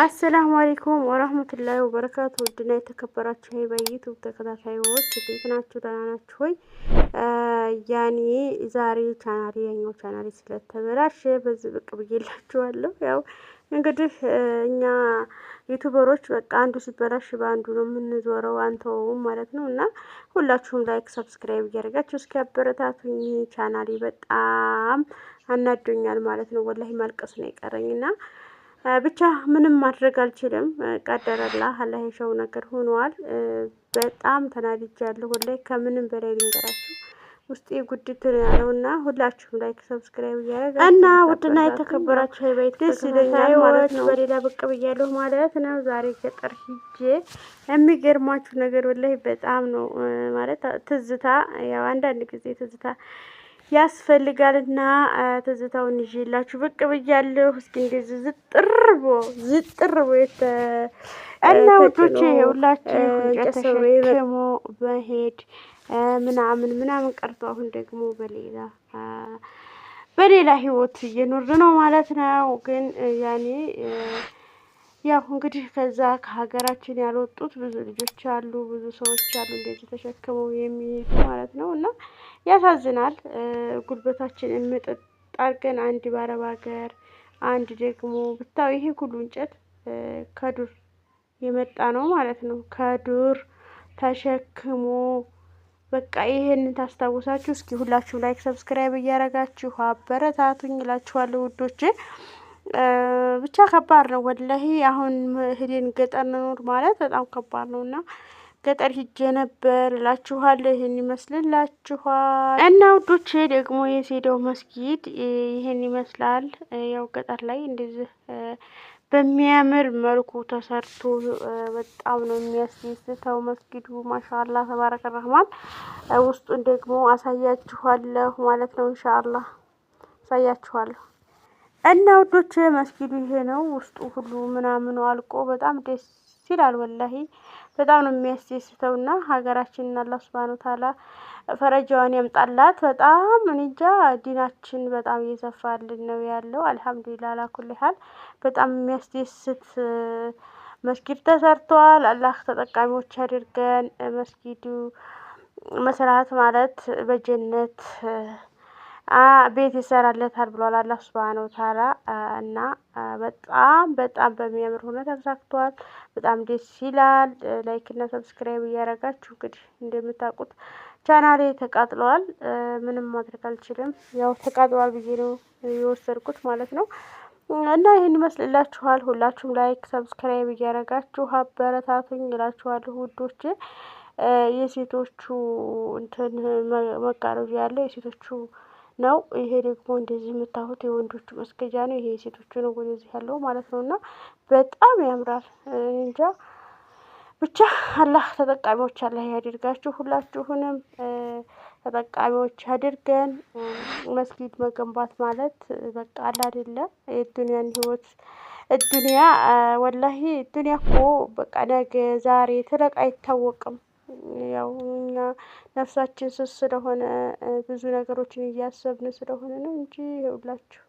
አሰላሙ አሌይኩም ወራህመቱላሂ ወበረካቱ። ውድና የተከበራችሁ በዩቱብ ተከታታዮች እንዴት ናችሁ? ደህና ናችሁ ሆይ? ያኔ ዛሬ ቻናሌ የኛው ቻናሌ ስለተበላሸ በዚህ ብቅ ብዬላችኋለሁ። ያው እንግዲህ እኛ ዩቱበሮች በቃ አንዱ ሲበላሽ በአንዱ ነው የምንዞረው፣ አንተውም ማለት ነው። እና ሁላችሁም ላይክ፣ ሰብስክራይብ እያደረጋችሁ እስኪ አበረታቱኝ። ቻናሌ በጣም አናዶኛል ማለት ነው። ወላሂ ማልቀሱ ነው የቀረኝ እና ብቻ ምንም ማድረግ አልችልም። ቀደረላ አላሄሸው ነገር ሆኗል። በጣም ተናድጃለሁ። ላይ ከምንም በላይ ልንገራችሁ ውስጤ ጉድት ያለው እና ሁላችሁም ላይክ ሰብስክራይብ እያደረግ እና ውድና የተከበራችሁ ቤት ደስ ይለኛል። በሌላ ብቅ ብያለሁ ማለት ነው። ዛሬ ገጠር ሂጄ የሚገርማችሁ ነገር ወላይ በጣም ነው ማለት ትዝታ ያው አንዳንድ ጊዜ ትዝታ ያስፈልጋልና ትዝታውን ይዤላችሁ ብቅ ብያለሁ። እስኪ እንደዚህ ዝጥርቦ ዝጥርቦ የተ እና ውዶቼ ሁላችሁ ተሸክሞ መሄድ ምናምን ምናምን ቀርቶ አሁን ደግሞ በሌላ በሌላ ህይወት እየኖር ነው ማለት ነው ግን ያኔ ያው እንግዲህ ከዛ ከሀገራችን ያልወጡት ብዙ ልጆች አሉ፣ ብዙ ሰዎች አሉ እንደዚህ ተሸክመው የሚሄዱ ማለት ነው። እና ያሳዝናል። ጉልበታችን የምጥጥ አድርገን አንድ በአረብ ሀገር አንድ ደግሞ ብታው ይሄ ሁሉ እንጨት ከዱር የመጣ ነው ማለት ነው። ከዱር ተሸክሞ በቃ ይሄን ታስታውሳችሁ እስኪ ሁላችሁ ላይክ፣ ሰብስክራይብ እያደረጋችሁ አበረታቱኝ እላችኋለሁ ውዶቼ። ብቻ ከባድ ነው ወላሂ። አሁን ሄደን ገጠር እንኖር ማለት በጣም ከባድ ነው እና ገጠር ሂጄ ነበር እላችኋለሁ። ይህን ይመስልላችኋል እና ውዶች ደግሞ የሴደው መስጊድ ይህን ይመስላል። ያው ገጠር ላይ እንደዚህ በሚያምር መልኩ ተሰርቶ በጣም ነው የሚያስደስተው መስጊዱ። ማሻላ ተባረከ ረህማን። ውስጡን ደግሞ አሳያችኋለሁ ማለት ነው። እንሻአላ አሳያችኋለሁ። እና ውዶች መስጊዱ ይሄ ነው። ውስጡ ሁሉ ምናምኑ አልቆ በጣም ደስ ይላል። ወላሂ በጣም ነው የሚያስደስተው። እና ሀገራችንን አላህ ሱብሃነሁ ወተዓላ ፈረጃዋን ያምጣላት። በጣም እንጃ ዲናችን በጣም እየሰፋልን ነው ያለው። አልሐምዱሊላህ አላኩል ያህል በጣም የሚያስደስት መስጊድ ተሰርቷል። አላህ ተጠቃሚዎች አድርገን መስጊዱ መስራት ማለት በጀነት ቤት ይሰራለታል ብሏል አላህ ሱብሃነሁ ወተዓላ እና በጣም በጣም በሚያምር ሆነ ተሳክቷል። በጣም ደስ ይላል። ላይክ እና ሰብስክራይብ እያደረጋችሁ እንግዲህ እንደምታውቁት ቻናሌ ተቃጥለዋል። ምንም ማድረግ አልችልም። ያው ተቃጥሏል ብዬ ነው የወሰድኩት ማለት ነው። እና ይህን ይመስልላችኋል። ሁላችሁም ላይክ ሰብስክራይብ እያደረጋችሁ አበረታቱኝ እላችኋለሁ ውዶቼ። የሴቶቹ እንትን መጋረጃ ያለው የሴቶቹ ነው። ይሄ ደግሞ እንደዚህ የምታዩት የወንዶቹ መስገጃ ነው። ይሄ የሴቶቹ ነው ወደዚህ ያለው ማለት ነው። እና በጣም ያምራል። እንጃ ብቻ አላህ ተጠቃሚዎች አላህ ያደርጋችሁ። ሁላችሁንም ተጠቃሚዎች አድርገን። መስጊድ መገንባት ማለት በቃ አለ አይደለም የዱንያን ህይወት ዱንያ ወላሂ ዱንያ እኮ በቃ ነገ ዛሬ ትለቅ አይታወቅም። ያው እኛ ነፍሳችን ስስ ስለሆነ ብዙ ነገሮችን እያሰብን ስለሆነ ነው እንጂ ይኸውላችሁ